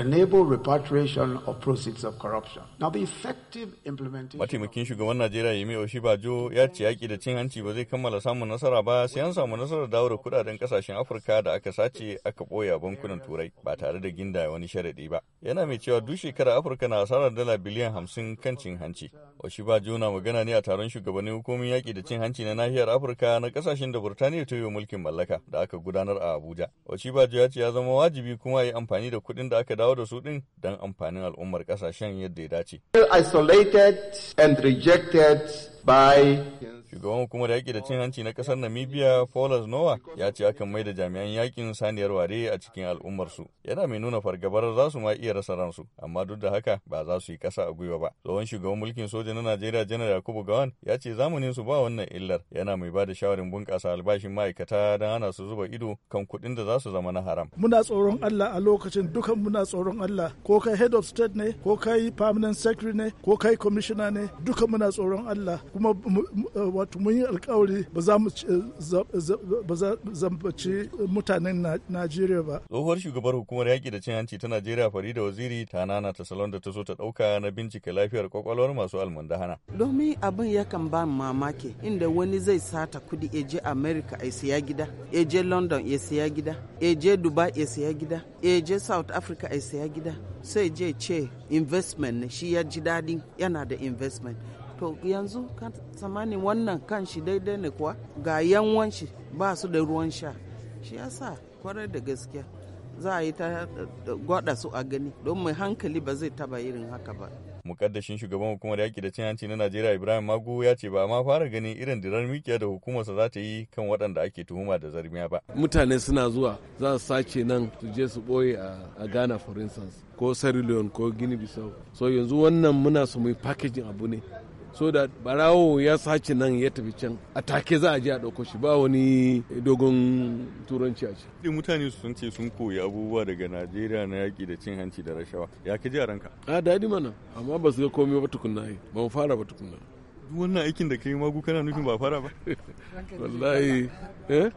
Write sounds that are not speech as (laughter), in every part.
mataimakin shugaban of ya yi corruption. Now the shugaban Najeriya Yemi Oshibajo ya ce yaƙi da cin hanci ba zai kammala samun nasara ba sai an samu nasarar dawo da kudaden kasashen Afirka da aka sace aka a bankunan Turai ba tare da ginda wani sharadi ba. Yana mai cewa duk shekara Afirka na asarar dala biliyan hamsin kan cin hanci. Oshibajo na magana ne a taron shugabannin hukumomin yaƙi da cin hanci na nahiyar Afirka na kasashen da Burtaniya ta yi mulkin mallaka da aka gudanar a Abuja. Oshibajo ya ce ya zama wajibi kuma ya yi amfani da kuɗin da aka dawo dawo da su ɗin don amfanin al'ummar ƙasashen yadda ya dace. Isolated and rejected by Shugaban hukumar yaƙi da cin hanci na ƙasar Namibia, Paulus Noah, ya ce akan mai da jami'an yaƙin saniyar ware a cikin al'ummarsu. Yana mai nuna fargabar za su ma iya rasa ransu, amma duk da haka ba za su yi ƙasa a gwiwa ba. Tsohon shugaban mulkin soja na Najeriya Janar Yakubu Gawan ya ce zamanin su ba wannan illar. Yana mai ba da shawarin bunƙasa albashin ma'aikata don ana su zuba ido kan kuɗin da za su zama na haram. Muna tsoron Allah a lokacin dukan muna tsoron Allah ko kai head of state ne ko kai permanent secretary ne ko kai commissioner ne duka muna tsoron Allah kuma eh, wato mun yi alkawari ba za mu zambaci mutanen Najeriya ba. Tsohuwar shugabar hukumar yaƙi da cin hanci ta Najeriya Farida Waziri ta nana ta salon da ta zo ta ɗauka na bincike lafiyar kwakwalwar masu almundahana. Domin abin yakan ba mamaki inda wani zai sata kudi ya je America ya siya gida, ya je London ya siya gida, ya je Dubai ya siya gida, ya je South Africa ya siya gida. Sai je ce investment ne shi ya ji daɗin yana da investment to yanzu kan tsammanin wannan kan shi daidai ne kuwa ga yanwan shi ba su da ruwan sha shi yasa kwarai da gaskiya za a yi ta gwada su a gani don mai hankali ba zai taba irin haka ba mukaddashin shugaban hukumar yaki da cin hanci na najeriya ibrahim magu ya ce ba ma fara ganin irin dirar mikiya da hukumarsa za ta yi kan waɗanda ake tuhuma da zarmiya ba mutane suna zuwa za su sace nan su je su ɓoye a ghana for instance ko sierra leone ko gini bissau so yanzu wannan muna su mu packaging abu ne so da barawo ya sace nan ya tafi can a take za a je a ɗauko shi ba wani dogon turanci a ce. mutane sun ce sun koyi abubuwa daga najeriya na yaƙi da cin hanci da rashawa ya ka ji a ranka. a daɗi mana amma ba su ga komai ba tukunna ba mu fara ba tukunna. duk wannan aikin da ka magu kana nufin ba fara ba. (laughs) wallahi eh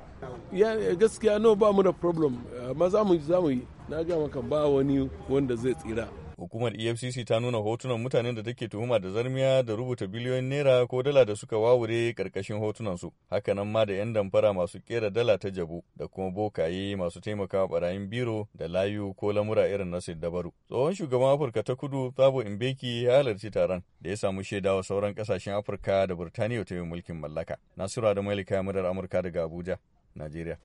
ya gaskiya no ba mu da problem amma za mu yi na ga maka ba wani wanda zai tsira Hukumar EFCC ta nuna hotunan mutanen da take tuhuma da zarmiya da rubuta biliyoyin naira ko dala da suka wawure karkashin hotunan su. Hakanan ma da 'yan damfara masu kera dala ta jabu da kuma bokaye masu taimakawa barayin biro da layu ko lamura irin na dabaru. Tsohon shugaban Afirka ta Kudu Thabo Mbeki ya halarci taron da ya samu shaidawa sauran kasashen Afirka da Burtaniya ta yi mulkin mallaka. Nasiru da Malika madar Amurka daga Abuja, Najeriya.